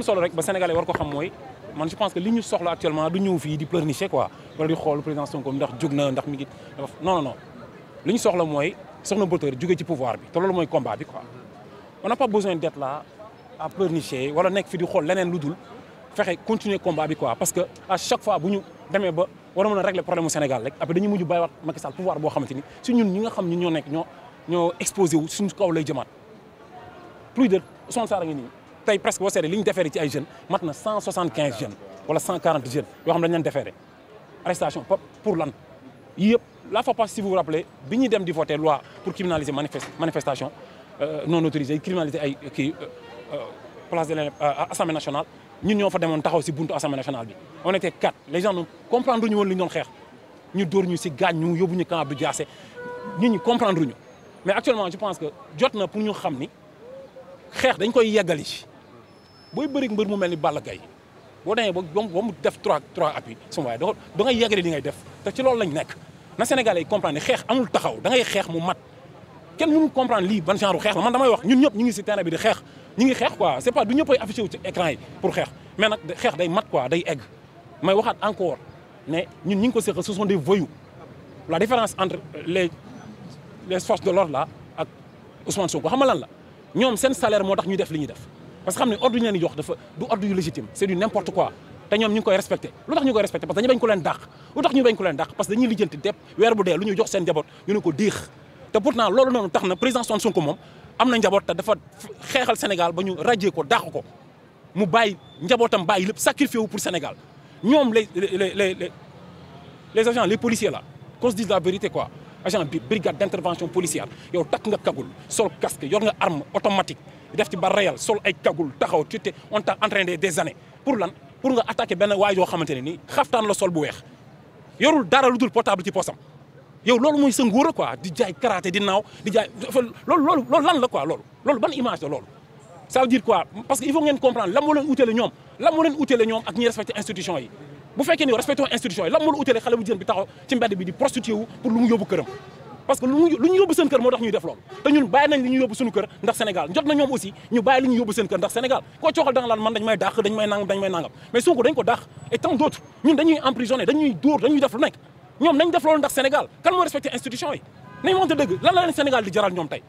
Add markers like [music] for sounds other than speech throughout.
am solo rek ba sénégalais war ko xam mooy man je pense que li ñu soxla actuellement du ñëw fii di pleurnicher quoi wala di xool président Sonko ndax jóg na ndax mi ngi non non non li ñu soxla mooy soxna Bator jóge ci pouvoir bi te loolu mooy combat bi quoi a n'a pas nekk fi di xool leneen lu dul fexe continuer combat bi quoi parce que à chaque fois bu ñu demee ba war a mën a régler problème mu Sénégal rek après dañuy mujj bàyyiwaat Macky Sall pouvoir boo xamante ni si ñun ñi nga xam ñun ñoo nekk ñoo ñoo exposé wu suñu kaw lay jëmaat plus de Ousmane Sarr a ngi nii tey presque boo seetee li ñu defeere ci ay jeunes mat na 175 jeunes wala 140 jeunes yoo xam ne dañu leen defeere arrestation pour lan yii yëpp la fois passée si vous vous bi ñuy dem di voter loi pour criminaliser manifestation euh, non autorisée criminaliser ay kii euh, euh, place de l'Assemblée nationale ñu ñoo fa demoon taxaw si buntu assemblée nationale bi on était quatre les gens ñoom comprendre ñu woon li ñu doon xeex ñu dóor ñu si gaañ ñu yóbbu ñu camp Abdou Diassé nit ñi comprendre ñu mais actuellement je pense que jot na pour ñu xam ni xeex dañ koy yeggali booy bëri mbër mu mel ni Balla Gaye boo demee ba ba mu def trois trois appui sama waaye da da li ngay def te ci loolu lañ nekk na Sénégalais yi comprendre xeex amul taxaw dangay xeex mu mat kenn mënul comprendre lii ban genre xeex la man damay wax ñun ñëpp ñu ngi si terrain bi di xeex ñu ngi xeex quoi c'est pas du ñëpp ay affiché wu ci écran yi pour xeex mais nag xeex day mat quoi day egg may waxaat encore ne ñun ñu ngi ko seqal ce sont des voyous la différence entre les les forces de l'ordre là ak Ousmane Sonko xam nga lan la ñoom seen salaire moo tax ñu def li ñuy def parce que xam ne ordre yi ñu leen jox dafa du ordre yu légitime c'est du n'importe ñu koy respecté lu tax ñu koy respecté parce que dañu bañ ko leen dàq lu tax ñu bañ ko leen dàq parce que dañuy lijjanti dépp weer bu dee lu ñu jox seen njaboot ñu ne loolu noonu tax na président Ousmane Sonko moom am na njaboot te dafa xeexal Sénégal ba ñu rajee ko dàq ko mu bàyyi njabootam bàyyi lépp sacrifié wu pour Sénégal ñoom les les le les agents les policiers là la vérité koi agent bi brigade d'intervention policière yow takk nga kagul sol casque yor nga arme automatique def ci ba reyal sol ay kagul taxaw ci te on t'a entraîné des années pour lan pour nga attaqué benn waay yoo xamante ne nii xaftaan la sol bu weex yorul dara dul portable ci poosam yow loolu mooy sa nguur quoi di jaay karaté di naaw di jaay loolu loolu loolu lan la quoi loolu loolu ban image la loolu ça veut dire quoi parce que il faut ngeen comprendre lan moo leen utile ñoom lan moo leen ñoom ak ñi respecté institution yi bu fekkee ni respecté institution yi lan moo la utile xale bi taxaw ci mbedd bi di prostitué wu pour lu mu yóbbu këram parce que lu ñu yóbbu seen kër moo tax ñuy def loolu te ñun bàyyi nañ li ñu yóbbu suñu kër ndax Sénégal jot na ñoom aussi ñu bàyyi li ñu yóbbu seen kër ndax Sénégal koo cooxal da nga laan man dañ may dàq dañ may nangam dañ may nangam mais Sonko dañ ko dàq et tant d'autres ñun dañuy emprisonné dañuy dóor dañuy def lu nekk ñoom nañ def loolu ndax Sénégal kan moo respecté institution yi nañ wante dëgg lan la leen Sénégal di jaral ñoom tey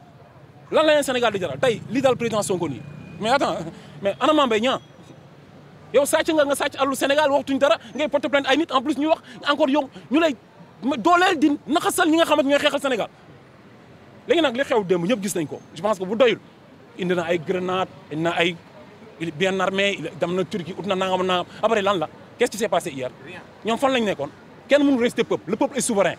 lan la leen Sénégal di jaral tey li dal président Sonko nii mais attends mais ana Mame Mbaye Niang yow sàcc nga nga sàcc àllu Sénégal waxtuñ dara ngay porte plainte ay nit en plus ñu wax encore yow ñu lay dooleel di naxasal ñi nga xamante ñooy xeexal Sénégal léegi nag li xew démb ñëpp gis nañ ko je pense que bu doyul indi na ay grenade indi ay bien armé dem na Turquie ut na nangam nangam après lan la qu'est-ce qui s'est passé hier ñoom fan lañ nekkoon kenn mënu rester peuple le peuple est souverain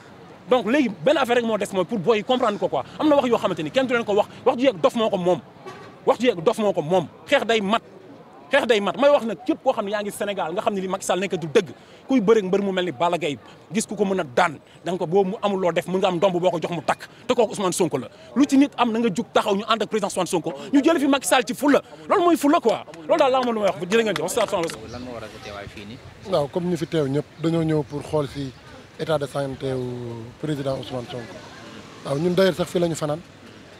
donc léegi benn affaire rek moo des mooy pour booy comprendre ko quoi am na wax yoo xamante ni kenn du leen ko wax wax ju ko moom wax ju yeeg dof moo ko moom xeex day mat xeex day mat may wax nag képp koo xam ne yaa ngi Sénégal nga xam ne li Macky Sall du dëgg kuy bëri mbër mu mel ni Balla gis ku ko mën a daan da nga ko boobu mu amul loo def mën nga am ndomb boo ko jox mu takk te kooku Ousmane Sonko la lu ci nit am na nga jug taxaw ñu ànd ak président Ousmane Sonko ñu jële fi Macky Sall ci fulla loolu mooy fulla quoi loolu daal fii nii waaw comme ñun d'ailleurs sax fii la ñu fanaan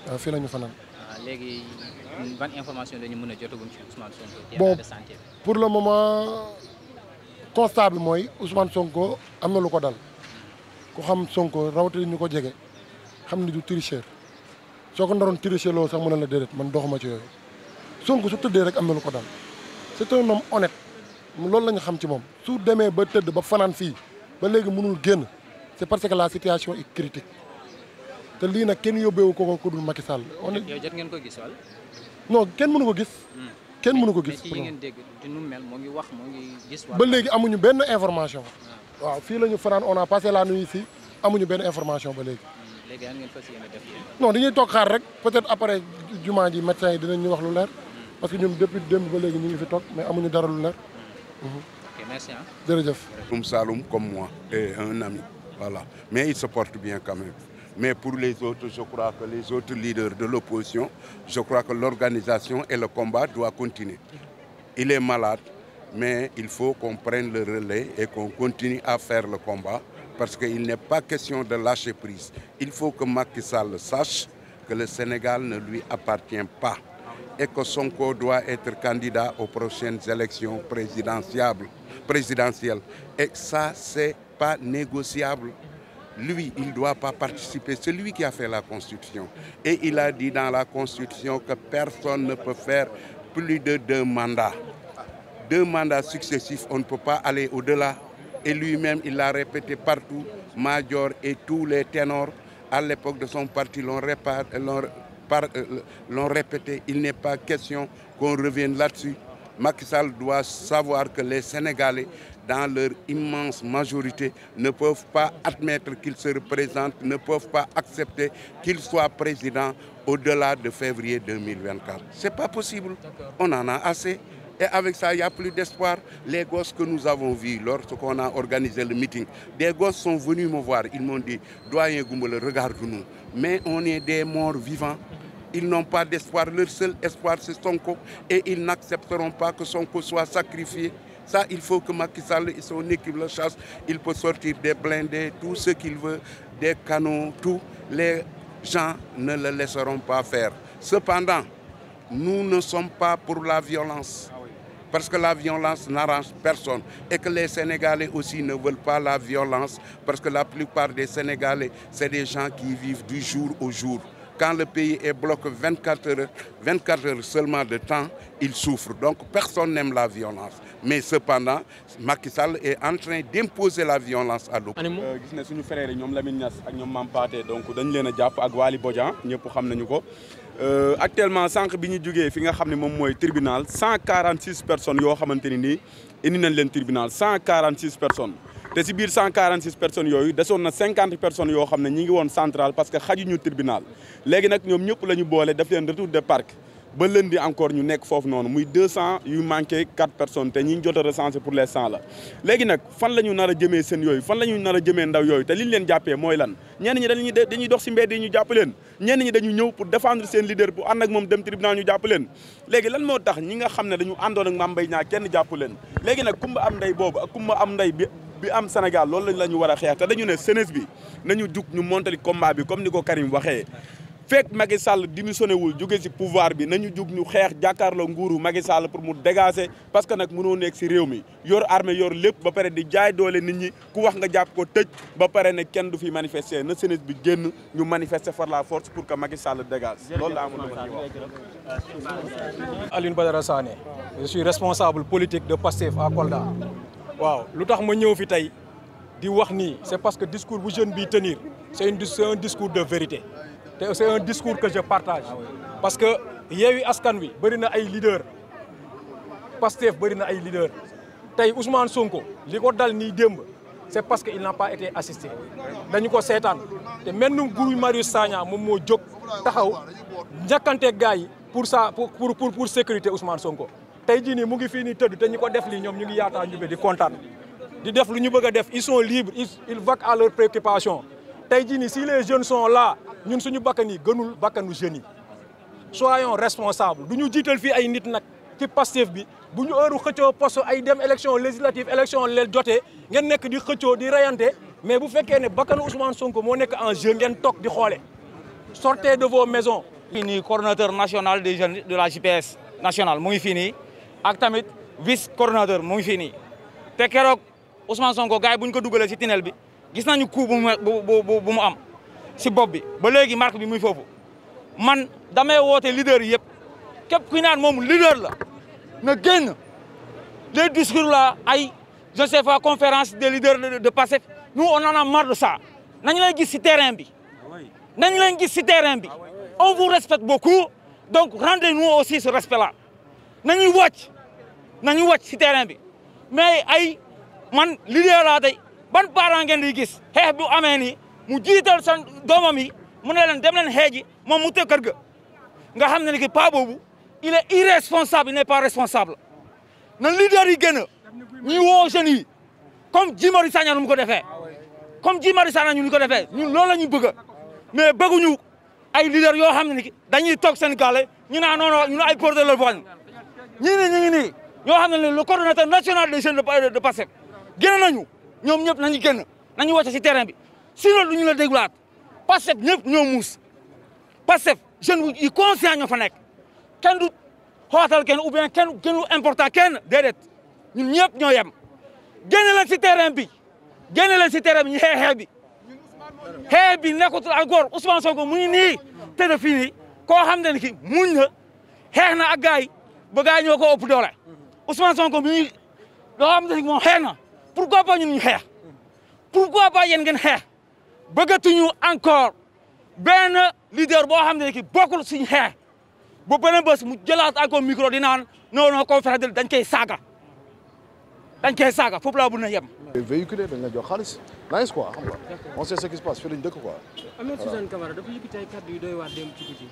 waaw fii la fanaan ah, ban information la ñu mën a jotagum ci Ousmane Sonko. bon pour le moment constat bi mooy Ousmane Sonko am ko dal ku xam Sonko rawatina ñu ko jege xam ni du tricheur soo ko ndaroon tricher loolu sax mën na la déedéet man doxuma ci yooyu Sonko su tëddee rek am na lu ko dal c'est un homme honnête loolu la xam ci moom su demee ba tëdd ba fanaan fii ba léegi mënul génn c'est parce que la situation est critique te lii nag kenn yóbbeewu ko ko ku dul Macky Sall. on est yow jot ngeen koy gis wala. non kenn mënu ko gis. Hmm. kenn mënu ko gis. ngeen dégg di nu mel moo ngi wax moo gis. ba léegi amuñu benn information. Hmm. waaw fii la ñu fanaan on a passé la nuit ici amuñu benn information ba léegi. Hmm. léegi ngeen fas yéene dañuy toog xaar rek peut-être après jumaa ji médecin yi dinañ ñu wax lu leer. parce que ñun depuis démb ba léegi ñu ngi fi toog mais amuñu dara lu leer. Mhm. ok merci jërëjëf. Saloum comme moi et un ami voilà mais il se porte bien quand Mais pour les autres, je crois que les autres leaders de l'opposition, je crois que l'organisation et le combat doivent continuer. Il est malade, mais il faut qu'on prenne le relais et qu'on continue à faire le combat parce qu'il n'est pas question de lâcher prise. Il faut que Macky Sall sache que le Sénégal ne lui appartient pas et que son corps doit être candidat aux prochaines élections présidentielles. Et ça, c'est pas négociable. lui, il ne doit pas participer. C'est lui qui a fait la Constitution. Et il a dit dans la Constitution que personne ne peut faire plus de deux mandats. Deux mandats successifs, on ne peut pas aller au-delà. Et lui-même, il l'a répété partout, Major et tous les ténors, à l'époque de son parti, l'ont euh, répété. Il n'est pas question qu'on revienne là-dessus. Macky Sall doit savoir que les Sénégalais, dans leur immense majorité, ne peuvent pas admettre qu'il se représente, ne peuvent pas accepter qu'il soit président au-delà de février 2024. Ce n'est pas possible. On en a assez. Et avec ça, il n'y a plus d'espoir. Les gosses que nous avons vus lorsqu'on a organisé le meeting, des gosses sont venus me voir. Ils m'ont dit, Doyen Goumoule, regarde-nous. Mais on est des morts vivants. Ils n'ont pas d'espoir. Leur seul espoir, c'est Sonko. Et ils n'accepteront pas que Sonko soit sacrifié. Ça, il faut que Macky Sall et son équipe le chasse. Il peut sortir des blindés, tout ce qu'il veut, des canons, tout. Les gens ne le laisseront pas faire. Cependant, nous ne sommes pas pour la violence. Ah Parce que la violence n'arrange personne. Et que les Sénégalais aussi ne veulent pas la violence. Parce que la plupart des Sénégalais, c'est des gens qui vivent du jour au jour. quand le pays est bloqué 24 heures, 24 heures seulement de temps, il souffre. Donc personne n'aime la violence. Mais cependant, Macky Sall est en train d'imposer la violence à euh, gis ne suñu frère yi ñoom Lamine Niass ak ñoom Mame Pathé donc dañ leen a jàpp ak Waly Bodian ñëpp xam ñu ko euh, actuellement sànq bi ñu jógee fi nga xam ne moom mooy tribunal 146 personnes yoo xamante ni nii indi nañ leen tribunal 146 personnes. te si biir 146 personnes yooyu desoon na 50 personnes yoo xam ne ñi ngi woon centrale parce que xajuñu tribunal léegi nag ñoom ñëpp la ñu def leen retour de parc ba lundi ñu nekk foofu noonu muy 200 yu manqué 4 personnes te ñi ngi jot a pour les 100 la. léegi nag fan la ñu nar a jëmee seen yooyu fan la ñu nar a jëmee ndaw yooyu te liñ leen jàppee mooy lan ñenn ñi dañuy dañuy dox si mbedd ñu jàpp leen ñenn ñi dañu ñëw pour défendre seen leader bu ànd ak moom dem tribunal ñu jàpp leen. léegi lan moo tax ñi nga xam ne dañu àndoon ak ñaa Mbaye kenn jàpp leen léegi na kumba am ndey boobu ak kumba am ndey bi. bi am Sénégal loolu lañ la ñu war a xeex te dañu ne sénès bi nañu jug ñu montali combat bi comme ni ko Karim waxee fekk Macky Sall démissionné wul jóge ci pouvoir bi na ñu jug ñu xeex jàkkaarloo nguuru Macky Sall pour mu dégager parce que nag munoo nekk ci réew mi yor armée yor lépp ba pare di jaay doole nit ñi ku wax nga jàpp ko tëj ba pare ne kenn du fi manifester na sénès bi génn ñu manifester par la force pour que Macky Sall dégage loolu la amoon na wax politique de Pastef à waaw lu tax ma ñëw fi tey di wax nii c'est parce que discours bu jeune bi tenir c'est une c'est un discours de vérité te c'est un discours que je partage ah parce que Yewwi Askan Wi bëri na ay leader Pastef bëri na ay leader tey Ousmane Sonko li ko dal nii démb c'est parce que il n'a pas été assisté dañu ko seetaan te mennum Guy Marius Sagna moom moo jog taxaw njëkkante gars yi pour ça pour pour pour sécurité Ousmane Sonko. tey jii nii mu ngi fii nii tëdd te ñi ko def lii ñoom ñu ngi yaataa ñu be di kontaan di def lu ñu bëgg def ils sont libres ils vaquent à leurs préoccupations tey jii nii si les jeunes son la ñun suñu bakkan yi gënul bakkanu jeunes yi soyons responsables du ñu jiital fii ay nit nag ci Pastef bi bu ñu heure xëccoo poste ay dem élection législative élection leel jote ngeen nekk di xëccoo di rayante mais bu fekkee ne bakkanu Ousmane Sonko moo nekk en jeu ngeen toog di xoole sortez de vos maisons. nii coordonnateur national des jeunes de la GPS nationale mu ngi fii nii. ak tamit vice coordonnateur mu ngi nii te keroog Ousmane Sonko gars yi bu ñu ko dugalee si tunnel bi gis nañu coup bu mu bu mu am si bopp bi ba léegi marque bi muy foofu man damay woote leader yi yëpp képp ku naan moom leader la na génn les discours là ay je ne sais pas conférence des leaders de de Pastef nous on en a marre de ça nañu leen gis si terrain bi nañu leen gis si terrain bi on vous respecte beaucoup donc rendez-nous aussi ce respect là nañuy wàcc. nañu wàcc si terrain bi mais ay man leader laa tey ban parent di gis xeex bu amee nii mu jiital seen doomam yi mu ne leen dem leen xeeji moom mu tëj kër ga nga xam ne ni que pas boobu il est ne il n'est responsable na leader yi gën a ñuy woo jeunes yi comme Guy Marius Sagna nu mu ko defee comme Guy mari Sagna ñu ko defee ñun loolu la ñu bëgg mais bëgguñu ay leader yoo xam ne ni dañuy toog seen gàlle ñu naan non non ñun ay porteurs la ñu ñii nii ñu ngi nii ñoo xam ne le coordonnateur national des jeunes de Pastef génn nañu ñoom ñëpp nañu génn nañu wàcc si terrain bi sinon du ñu la dégluwaat Pastef ñëpp ñoo muus Pastef jeune yi conscient ñoo fa nekk kenn du xootal kenn ou bien kenn important kenn déedéet ñun ñëpp ñoo yem génn leen si terrain bi génn leen si terrain bi ñu xeex xeex bi xeex bi nekkutul encore mu ngi nii te de fii nii koo xam ne ni na xeex na ak gars yi ba gars ko ëpp doole Ousmane Sonko bi ñuy loo xam ne moom xeex na pourquoi pas ñun ñu xeex pourquoi pas yéen ngeen xeex bëggatuñu encore benn leader boo xam ne ki bokkul suñu xeex ba beneen bés mu jëlaat encore micro di naan non non conférence dañ koy saaga dañ koy saaga foofu la bu a yem. véhiculé dañ la jox xaalis nice quoi xam nga on sait ce qui se passe fii lañ dëkk quoi. am na Suzanne Camara dafa yëkkati ay kàddu yu doy waar dem ci guddi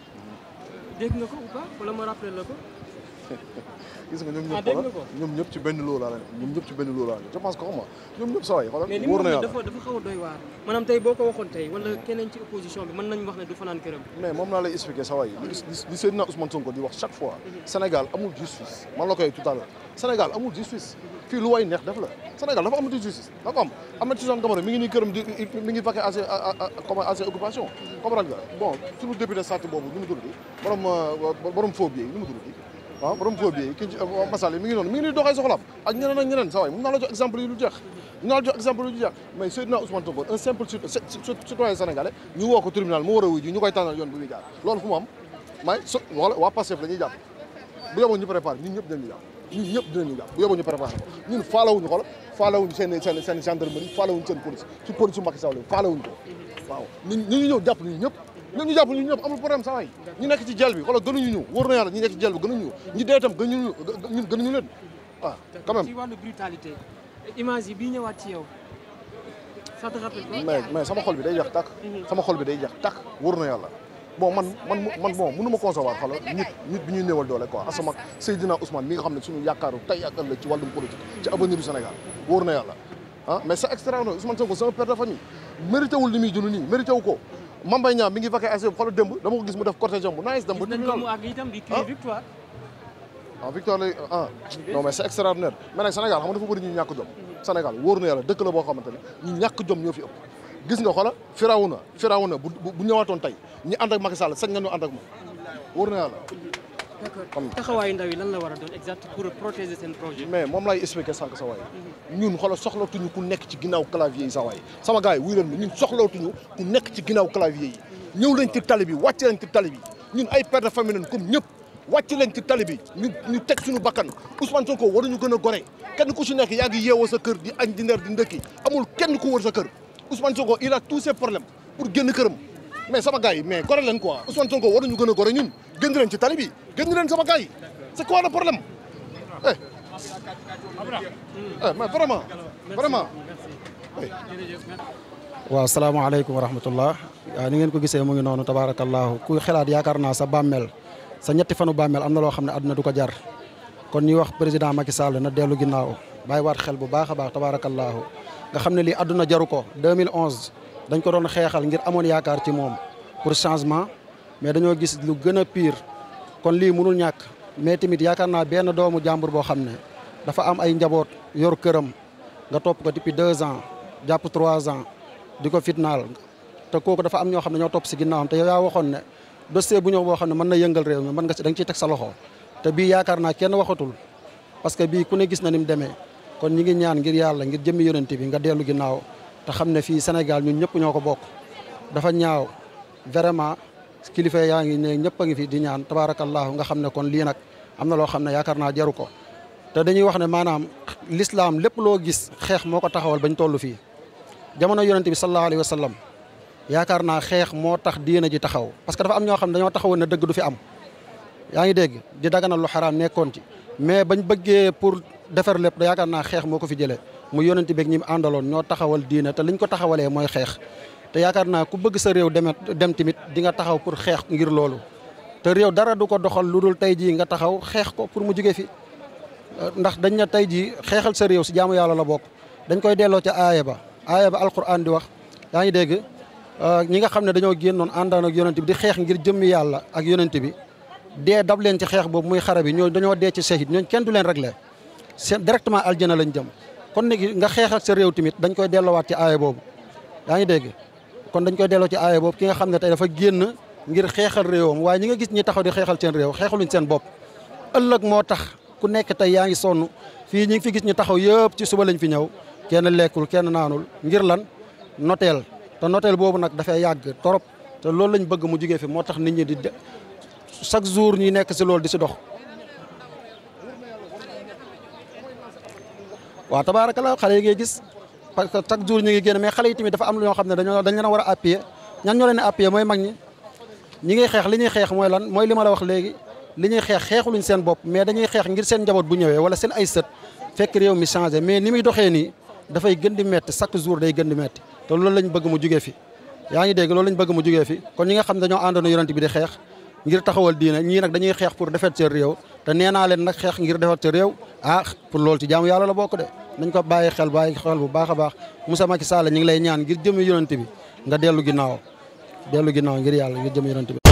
dégg nga ko ou pas wala ma rappelé la ko. [laughs] gis nga ñoom ñëpp ah, xoolal ñoom ñëpp ci benn loo laa la ñoom ñëpp ci benn loo laa la je pense que xam nga ñoom ñëpp saa yi xoolal wóor na yàlla mais dafa xaw a doy waar maanaam tey boo ko waxoon tey wala keneen ci opposition bi mën nañu wax ne du fanaan këram mais moom laa lay expliquer saa yi li Seydina Ousmane Sonko di wax chaque fois mhm. Sénégal amul justice man la koy tout à l'heure Sénégal amul justice fii lu way neex def la Sénégal dafa amati justice dafa am am na ci zone Camara mi ngi nii këram di mi ngi vaquer comme assez occupation comprendre nga bon suñu député sart boobu ñu mu tudd borom euh, borom phobie yi ñu mu tudd waaw borom phobie yi ki masal yi mi ngi noonu mi ngi ni doxee soxlaam ak ñeneen ak ñeneen saa waay mën naa la jox exemple yu lu jeex mën naa la jox exemple yu lu jeex mais Seydina Ousmane Tanor un simple citoyen sénégalais ñu woo ko tribunal mu war a wuyu ñu koy tànnal yoon bu muy jaar loolu fu mu am may so wala la ñuy jàpp bu yoboo ñu préparé ñun ñëpp dinañu ñu préparé ñu ñu ñëpp ñu jàpp ñu ñëpp amul problème nekk ci jël bi xoolal gënuñu ñu wóor na yàlla ñu nekk ci jël bi gënuñu ñu ñu dee itam gënuñu ñun gënuñu leen ah, ci wàllu brutalité image yi bii ñëwaat ci mais sama xol bi day jax takk sama xol bi day jax tàkk wóor na yàlla boo man man man bon mënu ma concevoir xala nit nit bi ñuy néewal doole quoi asamak Seydina Ousmane mi nga xam ne suñu yaakaaru tey ak ëllëg ci wàllum politique ci avenir du Sénégal wóor na yàlla ah mais c'est extraordinaire Ousmane Sonko sama père de famille mérité wul li muy dund nii mérité wu ko Mame Mbaye Niang mi ngi vaqué ASC bi xoolal démb dama ko gis mu def cortège am bu nice dem ba dinañ ko ak itam di créer ah. victoire ah victoire lay ah, ah non mais c'est extraordinaire mais nag Sénégal xam nga dafa bëri ñu ñàkk jom Sénégal wóor na yàlla dëkk la boo xamante ne ñu ñàkk jom ñoo fi ëpp gis nga xoola Firawuna Firawuna bu ñëwaatoon tey ñi ànd ak Macky Sall sañ nga ñu ànd ak moom wóor na yàlla d'accord taxawaayu ndaw yi lan la a doon exact pour protéger seen projet. mais moom laay expliqué sànq sa ñun xoolal soxlatuñu ku nekk ci ginnaaw clavier yi sa waay sama gars wuy leen ma ñun soxlatuñu ku nekk ci ginnaaw clavier yi. ñëw leen ci tali bi wàcc leen ci tali bi ñun ay père de famille lañ comme ñëpp wàcc leen ci tali bi ñu ñu teg suñu bakkan Ousmane Sonko waruñu gën a gore kenn ku si nekk yaa ngi yeewoo sa kër di añ di ndéer di ndëkki amul kenn ku wër sa kër Ousmane Sonko il a tous ses problèmes pour génn këram mais sama yi mais gore leen a gore ñun génn leen ci tali bi gëj leen sama gars yi c'est quoi le problème eh. eh mais wa rahmatullah waaw ni ngeen ko gisee mu ngi noonu tabaarakallaahu ku xalaat yaakaar naa sa bàmmeel sa ñetti fanu bàmmeel am na loo xam ne àdduna du ko jar kon ñuy wax président Macky Sall na dellu ginnaaw bàyyiwaat xel bu baax a baax tabaarakallaahu nga xam ne lii àdduna jaru ko 2011 dañ ko doon xeexal ngir amoon yaakaar ci moom pour changement mais dañoo gis lu gën a pire. kon lii mënul ñàkk mais tamit yaakaar naa benn doomu jàmbur boo xam ne dafa am ay njaboot yor këram nga topp ko depuis deux ans jàpp trois ans di ko fitnaal te kooku dafa am ñoo xam ne ñoo topp si ginnaawam te yow yaa waxoon ne dossier bu ñëw boo xam ne mën na yëngal réew mi mën nga si da nga ciy teg sa loxo te bii yaakaar naa kenn waxatul parce que bii ku ne gis na ni mu demee kon ñi ngi ñaan ngir yàlla ngir jëmmi yonent bi nga dellu ginnaaw te xam ne fii Sénégal ñun ñëpp ñoo ko bokk dafa ñaaw kilifa yaa ngi ne ñëpp a ngi fi di ñaan tabaarakallaahu nga xam ne kon lii nag am na loo xam ne yaakaar naa jaru ko te dañuy wax ne maanaam lislaam lépp loo gis xeex moo ko taxawal bañ toll fii jamono yonente bi sallallahu alayhi wa sallam yaakaar naa xeex moo tax diina ji taxaw parce que dafa am ñoo xam ne dañoo taxawoon ne dëgg du fi am yaa ngi dégg di na lu xaraam nekkoon ci mais bañ bëggee pour defar lépp da yaakaar naa xeex moo ko fi jëlee mu yonente beeg ñi àndaloon ñoo taxawal diina te liñ ko taxawalee mooy xeex te yaakaar naa ku bëgg sa réew demet dem tamit di nga taxaw pour xeex ngir loolu te réew dara du ko doxal lu dul tey jii nga taxaw xeex ko pour mu jóge fi ndax dañu na tey jii xeexal sa réew si jaamu yàlla la bokk dañ koy delloo ca aaya ba aaya ba alquran di wax yaa ngi dégg euh, ñi nga xam ne dañoo génnoon àndaan ak yonent bi di xeex ngir jëmmi yàlla ak yonent bi dee dab leen ci xeex boobu muy xare bi ñoo dañoo dee ci sahid ñooñ kenn du leen réglé seen directement aljana lañ jëm kon nag nga xeexal sa réew tamit dañ koy delloowaat ci aaya boobu yaa ngi dégg kon dañ koy delloo ci aaya boobu ki nga xam ne tey dafa génn ngir xeexal réewam waaye ñi nga gis ñi taxaw di xeexal seen réew xeexaluñ seen bopp ëllëg moo tax ku nekk tey yaa ngi sonn fii ñi ngi fi gis ñu taxaw yëpp ci suba lañ fi ñëw kenn lekkul kenn naanul ngir lan noteel te noteel boobu nag dafay yàgg torop te loolu lañ bëgg mu jugee fi moo tax nit ñi di de chaque jour ñi nekk si lool di si dox waa tabaarakalaa xale yi ngay gis parce que chaque jour ñu ngi génn mais xale yi tamit dafa am ñoo xam ne dañoo dañ a war a appuyer ñan ñoo leen a appuyer mooy mag ñi ñi ngi xeex li ñuy xeex mooy lan mooy li ma wax léegi li ñuy xeex xeexuluñ seen bopp mais dañuy xeex ngir seen njaboot bu ñëwee wala seen ay sët fekk réew mi changé mais ni muy doxee nii dafay gën di chaque jour day gën di metti te loolu lañ bëgg mu jugee fi yaa ngi dégg loolu lañ bëgg mu jugee fi kon ñi nga xam ne dañoo àndoon yonent bi di xeex ngir taxawal diine ñii nag dañuy xeex pour defet seen réew te nee naa leen nag xeex ngir defet seen a ah pour loolu ci jaamu yàlla la bokk de dañ ko bàyyi xel bàyyi xel bu baax a baax Moussa Macky Sall ñu ngi lay ñaan ngir jëm yonent bi nga dellu ginnaaw dellu ginnaaw ngir yàlla ngir jëm yonent bi